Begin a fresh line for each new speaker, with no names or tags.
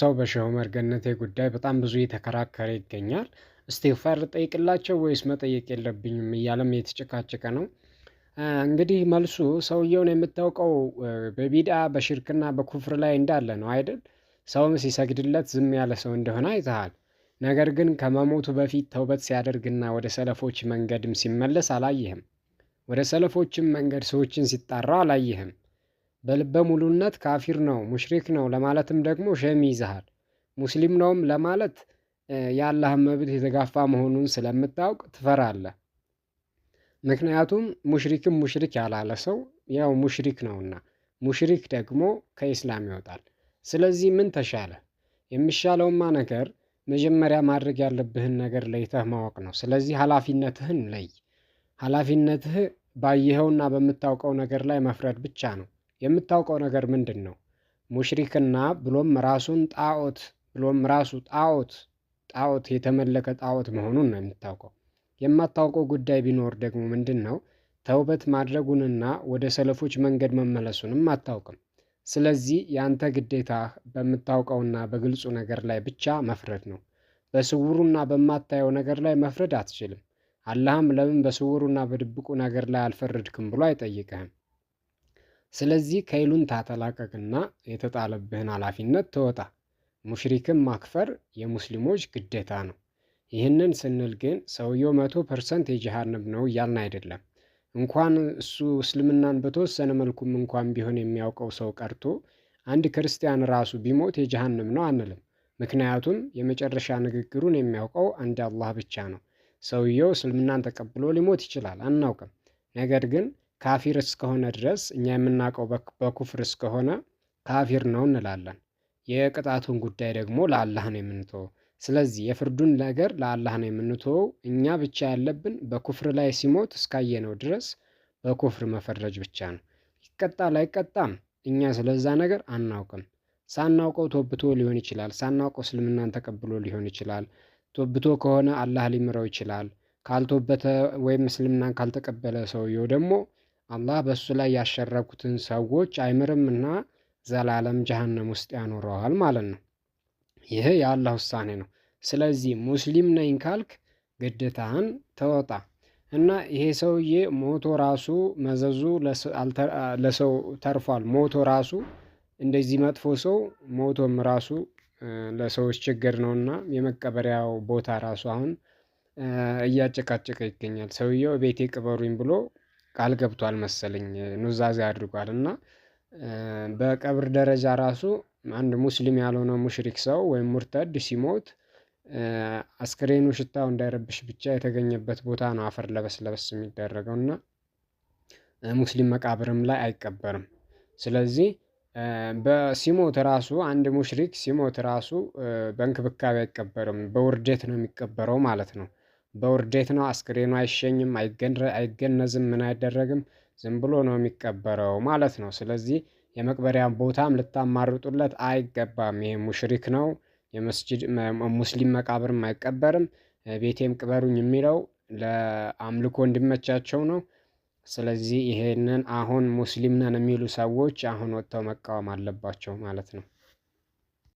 ሰው በሼሁ ዑመር ገነቴ ጉዳይ በጣም ብዙ እየተከራከረ ይገኛል። እስቲግፋር ልጠይቅላቸው ወይስ መጠየቅ የለብኝም እያለም የተጨቃጨቀ ነው። እንግዲህ መልሱ ሰውየውን የምታውቀው በቢድአ በሽርክና በኩፍር ላይ እንዳለ ነው አይደል? ሰውም ሲሰግድለት ዝም ያለ ሰው እንደሆነ አይተሃል። ነገር ግን ከመሞቱ በፊት ተውበት ሲያደርግና ወደ ሰለፎች መንገድም ሲመለስ አላየህም። ወደ ሰለፎችም መንገድ ሰዎችን ሲጣራ አላየህም። በልበ ሙሉነት ካፊር ነው ሙሽሪክ ነው ለማለትም ደግሞ ሸሚ ይዝሃል። ሙስሊም ነውም ለማለት የአላህን መብት የተጋፋ መሆኑን ስለምታውቅ ትፈራለህ። ምክንያቱም ሙሽሪክም ሙሽሪክ ያላለ ሰው ያው ሙሽሪክ ነውና ሙሽሪክ ደግሞ ከኢስላም ይወጣል። ስለዚህ ምን ተሻለ? የሚሻለውማ ነገር መጀመሪያ ማድረግ ያለብህን ነገር ለይተህ ማወቅ ነው። ስለዚህ ኃላፊነትህን ለይ። ኃላፊነትህ ባየኸውና በምታውቀው ነገር ላይ መፍረድ ብቻ ነው። የምታውቀው ነገር ምንድን ነው? ሙሽሪክና ብሎም ራሱን ጣዖት ብሎም ራሱ ጣዖት ጣዖት የተመለከ ጣዖት መሆኑን ነው የምታውቀው። የማታውቀው ጉዳይ ቢኖር ደግሞ ምንድን ነው? ተውበት ማድረጉንና ወደ ሰለፎች መንገድ መመለሱንም አታውቅም። ስለዚህ ያንተ ግዴታ በምታውቀውና በግልጹ ነገር ላይ ብቻ መፍረድ ነው። በስውሩና በማታየው ነገር ላይ መፍረድ አትችልም። አላህም ለምን በስውሩና በድብቁ ነገር ላይ አልፈረድክም ብሎ አይጠይቅህም። ስለዚህ ከይሉንታ ተላቀቅና የተጣለብህን ኃላፊነት ተወጣ። ሙሽሪክን ማክፈር የሙስሊሞች ግዴታ ነው። ይህንን ስንል ግን ሰውየው መቶ ፐርሰንት የጀሃነም ነው እያልን አይደለም። እንኳን እሱ እስልምናን በተወሰነ መልኩም እንኳን ቢሆን የሚያውቀው ሰው ቀርቶ አንድ ክርስቲያን ራሱ ቢሞት የጀሃነም ነው አንልም። ምክንያቱም የመጨረሻ ንግግሩን የሚያውቀው አንድ አላህ ብቻ ነው። ሰውየው እስልምናን ተቀብሎ ሊሞት ይችላል፣ አናውቅም። ነገር ግን ካፊር እስከሆነ ድረስ እኛ የምናውቀው በኩፍር እስከሆነ ካፊር ነው እንላለን። የቅጣቱን ጉዳይ ደግሞ ለአላህ ነው የምንተወው። ስለዚህ የፍርዱን ነገር ለአላህ ነው የምንተወው። እኛ ብቻ ያለብን በኩፍር ላይ ሲሞት እስካየነው ድረስ በኩፍር መፈረጅ ብቻ ነው። ይቀጣል አይቀጣም፣ እኛ ስለዛ ነገር አናውቅም። ሳናውቀው ቶብቶ ሊሆን ይችላል። ሳናውቀው እስልምናን ተቀብሎ ሊሆን ይችላል። ቶብቶ ከሆነ አላህ ሊምረው ይችላል። ካልቶበተ ወይም እስልምናን ካልተቀበለ ሰውየው ደግሞ አላህ በእሱ ላይ ያሸረኩትን ሰዎች አይምርምና ዘላለም ጀሃነም ውስጥ ያኖረዋል ማለት ነው። ይህ የአላህ ውሳኔ ነው። ስለዚህ ሙስሊም ነኝ ካልክ ግድታህን ተወጣ እና ይሄ ሰውዬ ሞቶ ራሱ መዘዙ ለሰው ተርፏል። ሞቶ ራሱ እንደዚህ መጥፎ ሰው ሞቶም ራሱ ለሰዎች ችግር ነውና የመቀበሪያው ቦታ ራሱ አሁን እያጨቃጨቀ ይገኛል። ሰውየው ቤቴ ቅበሩኝ ብሎ ቃል ገብቷል መሰለኝ ኑዛዜ አድርጓል እና በቀብር ደረጃ ራሱ አንድ ሙስሊም ያልሆነ ሙሽሪክ ሰው ወይም ሙርተድ ሲሞት አስክሬኑ ሽታው እንዳይረብሽ ብቻ የተገኘበት ቦታ ነው አፈር ለበስ ለበስ የሚደረገው እና ሙስሊም መቃብርም ላይ አይቀበርም። ስለዚህ በሲሞት ራሱ አንድ ሙሽሪክ ሲሞት ራሱ በእንክብካቤ አይቀበርም፣ በውርደት ነው የሚቀበረው ማለት ነው። በውርዴት ነው። አስክሬኑ አይሸኝም፣ አይገነዝም፣ ምን አይደረግም። ዝም ብሎ ነው የሚቀበረው ማለት ነው። ስለዚህ የመቅበሪያ ቦታም ልታማርጡለት አይገባም። ይሄ ሙሽሪክ ነው። የመስጅድ ሙስሊም መቃብርም አይቀበርም። ቤቴም ቅበሩኝ የሚለው ለአምልኮ እንዲመቻቸው ነው። ስለዚህ ይሄንን አሁን ሙስሊም ነን የሚሉ ሰዎች አሁን ወጥተው መቃወም አለባቸው ማለት ነው።